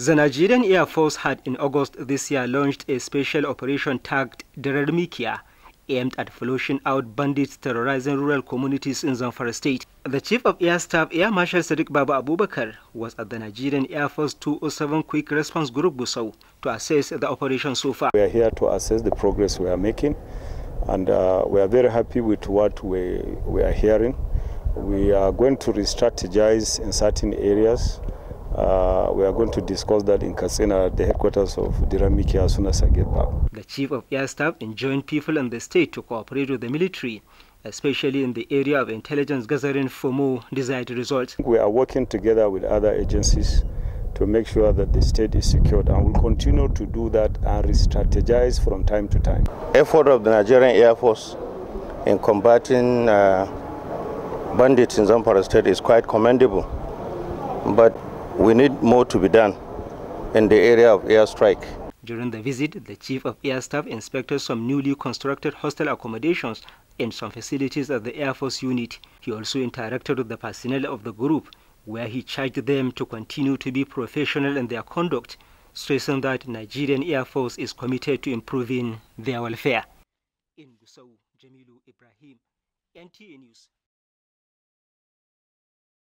The Nigerian Air Force had in August this year launched a special operation tagged Derermikia, aimed at flushing out bandits terrorizing rural communities in Zamfara state. The Chief of Air Staff, Air Marshal Sadiq Baba Abubakar, was at the Nigerian Air Force 207 Quick Response Group Busau to assess the operation so far. We are here to assess the progress we are making and uh, we are very happy with what we, we are hearing. We are going to re-strategize in certain areas uh, we are going to discuss that in Katsina at the headquarters of Diramiki as soon as I get back. The Chief of Air Staff enjoined people in the state to cooperate with the military especially in the area of intelligence gathering for more desired results. We are working together with other agencies to make sure that the state is secured and will continue to do that and re-strategize from time to time. Effort of the Nigerian Air Force in combating uh, bandits in Zamfara state is quite commendable, but we need more to be done in the area of airstrike. During the visit, the Chief of Air Staff inspected some newly constructed hostel accommodations and some facilities at the Air Force unit. He also interacted with the personnel of the group, where he charged them to continue to be professional in their conduct, stressing that Nigerian Air Force is committed to improving their welfare. In Gusau, Jamilu Ibrahim, NTA News.